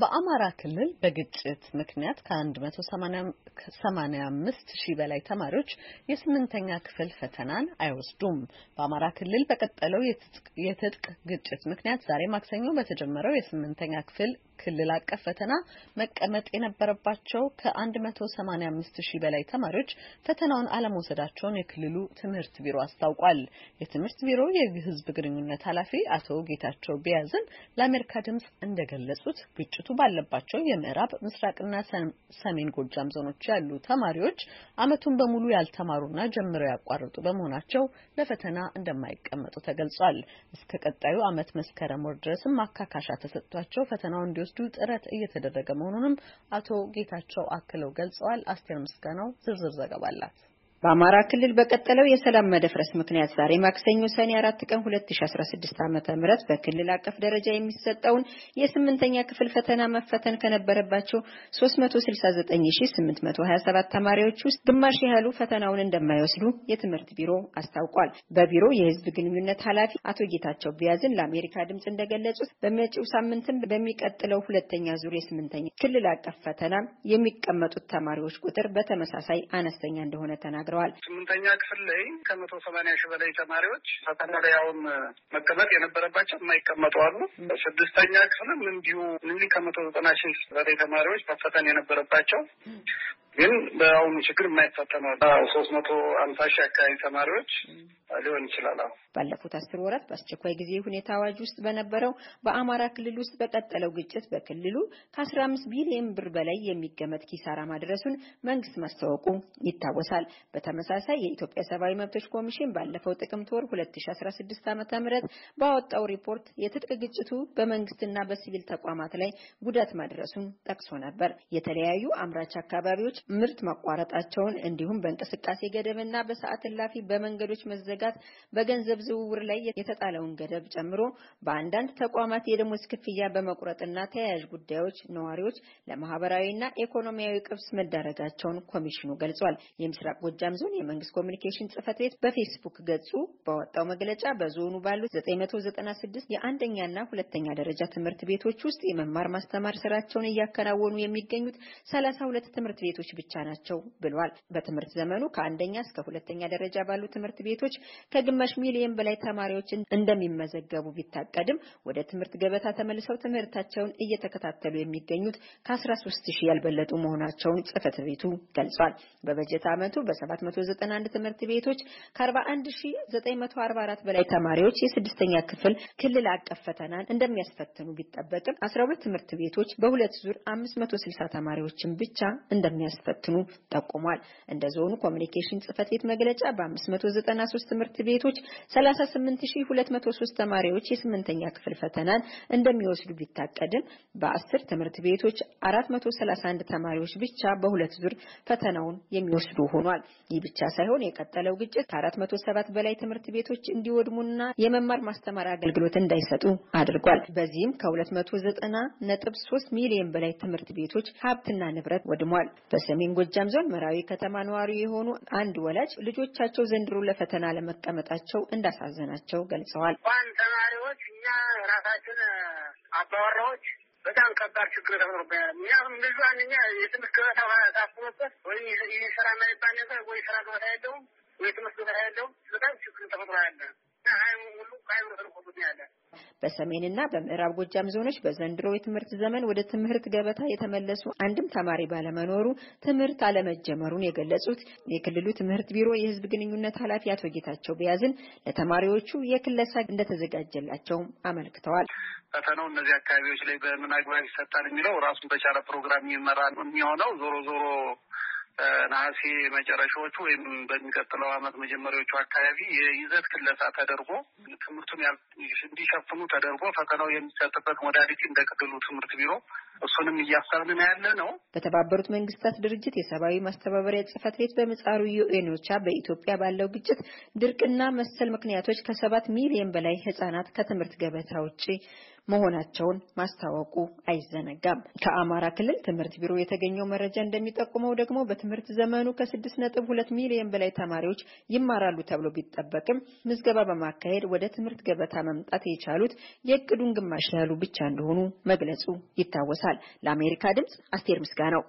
በአማራ ክልል በግጭት ምክንያት ከ185 ሺህ በላይ ተማሪዎች የስምንተኛ ክፍል ፈተናን አይወስዱም። በአማራ ክልል በቀጠለው የትጥቅ ግጭት ምክንያት ዛሬ ማክሰኞ በተጀመረው የስምንተኛ ክፍል ክልል አቀፍ ፈተና መቀመጥ የነበረባቸው ከ185 ሺህ በላይ ተማሪዎች ፈተናውን አለመውሰዳቸውን የክልሉ ትምህርት ቢሮ አስታውቋል። የትምህርት ቢሮ የሕዝብ ግንኙነት ኃላፊ አቶ ጌታቸው ቢያዝን ለአሜሪካ ድምጽ እንደገለጹት ግጭቱ ባለባቸው የምዕራብ ምስራቅና ሰሜን ጎጃም ዞኖች ያሉ ተማሪዎች ዓመቱን በሙሉ ያልተማሩና ጀምረው ያቋረጡ በመሆናቸው ለፈተና እንደማይቀመጡ ተገልጿል። እስከ ቀጣዩ ዓመት መስከረም ወር ድረስም ማካካሻ ተሰጥቷቸው ፈተናው እንዲወስ እንዲወስዱ ጥረት እየተደረገ መሆኑንም አቶ ጌታቸው አክለው ገልጸዋል። አስቴር ምስጋናው ዝርዝር ዘገባ አላት። በአማራ ክልል በቀጠለው የሰላም መደፍረስ ምክንያት ዛሬ ማክሰኞ ሰኔ 4 ቀን 2016 ዓ ም በክልል አቀፍ ደረጃ የሚሰጠውን የስምንተኛ ክፍል ፈተና መፈተን ከነበረባቸው 369827 ተማሪዎች ውስጥ ግማሽ ያህሉ ፈተናውን እንደማይወስዱ የትምህርት ቢሮ አስታውቋል። በቢሮ የህዝብ ግንኙነት ኃላፊ አቶ ጌታቸው ቢያዝን ለአሜሪካ ድምጽ እንደገለጹት በመጪው ሳምንትም በሚቀጥለው ሁለተኛ ዙር የስምንተኛ ክልል አቀፍ ፈተና የሚቀመጡት ተማሪዎች ቁጥር በተመሳሳይ አነስተኛ እንደሆነ ተናግረዋል። ተናግረዋል። ስምንተኛ ክፍል ላይ ከመቶ ሰማኒያ ሺህ በላይ ተማሪዎች ፈተና ላይ አሁን መቀመጥ የነበረባቸው የማይቀመጡ አሉ። ስድስተኛ ክፍልም እንዲሁ እንዲህ ከመቶ ዘጠና ሺህ በላይ ተማሪዎች መፈተን የነበረባቸው ግን በአሁኑ ችግር የማይፈተኑ ሶስት መቶ አምሳ ሺህ አካባቢ ተማሪዎች ሊሆን ይችላል። ባለፉት አስር ወራት በአስቸኳይ ጊዜ ሁኔታ አዋጅ ውስጥ በነበረው በአማራ ክልል ውስጥ በቀጠለው ግጭት በክልሉ ከአስራ አምስት ቢሊዮን ብር በላይ የሚገመት ኪሳራ ማድረሱን መንግስት ማስታወቁ ይታወሳል። በተመሳሳይ የኢትዮጵያ ሰብአዊ መብቶች ኮሚሽን ባለፈው ጥቅምት ወር 2016 ዓ.ም ባወጣው ሪፖርት የትጥቅ ግጭቱ በመንግስትና በሲቪል ተቋማት ላይ ጉዳት ማድረሱን ጠቅሶ ነበር። የተለያዩ አምራች አካባቢዎች ምርት ማቋረጣቸውን እንዲሁም በእንቅስቃሴ ገደብና በሰዓት እላፊ በመንገዶች መዘጋት በገንዘብ ዝውውር ላይ የተጣለውን ገደብ ጨምሮ በአንዳንድ ተቋማት የደሞዝ ክፍያ በመቁረጥና ተያያዥ ጉዳዮች ነዋሪዎች ለማህበራዊና ኢኮኖሚያዊ ቅብስ መዳረጋቸውን ኮሚሽኑ ገልጿል። የምስራቅ ጎጃም ጎጃም ዞን የመንግስት ኮሚኒኬሽን ጽህፈት ቤት በፌስቡክ ገጹ በወጣው መግለጫ በዞኑ ባሉት 996 የአንደኛና ሁለተኛ ደረጃ ትምህርት ቤቶች ውስጥ የመማር ማስተማር ስራቸውን እያከናወኑ የሚገኙት 32 ትምህርት ቤቶች ብቻ ናቸው ብሏል። በትምህርት ዘመኑ ከአንደኛ እስከ ሁለተኛ ደረጃ ባሉ ትምህርት ቤቶች ከግማሽ ሚሊዮን በላይ ተማሪዎች እንደሚመዘገቡ ቢታቀድም ወደ ትምህርት ገበታ ተመልሰው ትምህርታቸውን እየተከታተሉ የሚገኙት ከ13 ሺህ ያልበለጡ መሆናቸውን ጽህፈት ቤቱ ገልጿል። በበጀት ዓመቱ በሰባት 491 ትምህርት ቤቶች ከ41944 በላይ ተማሪዎች የስድስተኛ ክፍል ክልል አቀፍ ፈተናን እንደሚያስፈትኑ ቢጠበቅም 12 ትምህርት ቤቶች በሁለት ዙር 560 ተማሪዎችን ብቻ እንደሚያስፈትኑ ጠቁሟል። እንደ ዞኑ ኮሚኒኬሽን ጽህፈት ቤት መግለጫ በ593 ትምህርት ቤቶች 38203 ተማሪዎች የስምንተኛ ክፍል ፈተናን እንደሚወስዱ ቢታቀድም በ10 ትምህርት ቤቶች 431 ተማሪዎች ብቻ በሁለት ዙር ፈተናውን የሚወስዱ ሆኗል። ይህ ብቻ ሳይሆን የቀጠለው ግጭት ከ407 በላይ ትምህርት ቤቶች እንዲወድሙና የመማር ማስተማር አገልግሎት እንዳይሰጡ አድርጓል። በዚህም ከ290.3 ሚሊዮን በላይ ትምህርት ቤቶች ሀብትና ንብረት ወድሟል። በሰሜን ጎጃም ዞን መራዊ ከተማ ነዋሪ የሆኑ አንድ ወላጅ ልጆቻቸው ዘንድሮ ለፈተና ለመቀመጣቸው እንዳሳዘናቸው ገልጸዋል። ተማሪዎች እኛ ራሳችን አባወራዎች በጣም ከባድ ችግር ተፈጥሮብናል። እኛም ልጁ አንኛ የትምህርት ታስቦበት ወይም ይህ ስራ የማይባል ነገር ወይ ስራ ቦታ ወይ ትምህርት ቦታ በጣም ችግር ተፈጥሮ ያለ በሰሜንና በምዕራብ ጎጃም ዞኖች በዘንድሮ የትምህርት ዘመን ወደ ትምህርት ገበታ የተመለሱ አንድም ተማሪ ባለመኖሩ ትምህርት አለመጀመሩን የገለጹት የክልሉ ትምህርት ቢሮ የህዝብ ግንኙነት ኃላፊ አቶ ጌታቸው ቢያዝን ለተማሪዎቹ የክለሳ እንደተዘጋጀላቸው አመልክተዋል። ፈተናው እነዚህ አካባቢዎች ላይ በምን አግባብ ይሰጣል የሚለው ራሱን በቻለ ፕሮግራም ይመራል የሚሆነው ዞሮ ዞሮ ነሐሴ መጨረሻዎቹ ወይም በሚቀጥለው ዓመት መጀመሪያዎቹ አካባቢ የይዘት ክለሳ ተደርጎ ትምህርቱን እንዲሸፍኑ ተደርጎ ፈተናው የሚሰጥበት ሞዳሊቲ እንደ ክልሉ ትምህርት ቢሮ እሱንም እያሰብን ያለ ነው። በተባበሩት መንግስታት ድርጅት የሰብአዊ ማስተባበሪያ ጽህፈት ቤት ዩኤን ዩኤኖቻ በኢትዮጵያ ባለው ግጭት፣ ድርቅና መሰል ምክንያቶች ከሰባት ሚሊዮን በላይ ህጻናት ከትምህርት ገበታ ውጪ። መሆናቸውን ማስታወቁ አይዘነጋም። ከአማራ ክልል ትምህርት ቢሮ የተገኘው መረጃ እንደሚጠቁመው ደግሞ በትምህርት ዘመኑ ከ6.2 ሚሊዮን በላይ ተማሪዎች ይማራሉ ተብሎ ቢጠበቅም ምዝገባ በማካሄድ ወደ ትምህርት ገበታ መምጣት የቻሉት የእቅዱን ግማሽ ያህሉ ብቻ እንደሆኑ መግለጹ ይታወሳል። ለአሜሪካ ድምጽ አስቴር ምስጋ ነው።